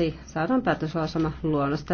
Lisäksi saadaan päätöslausuma luonnosta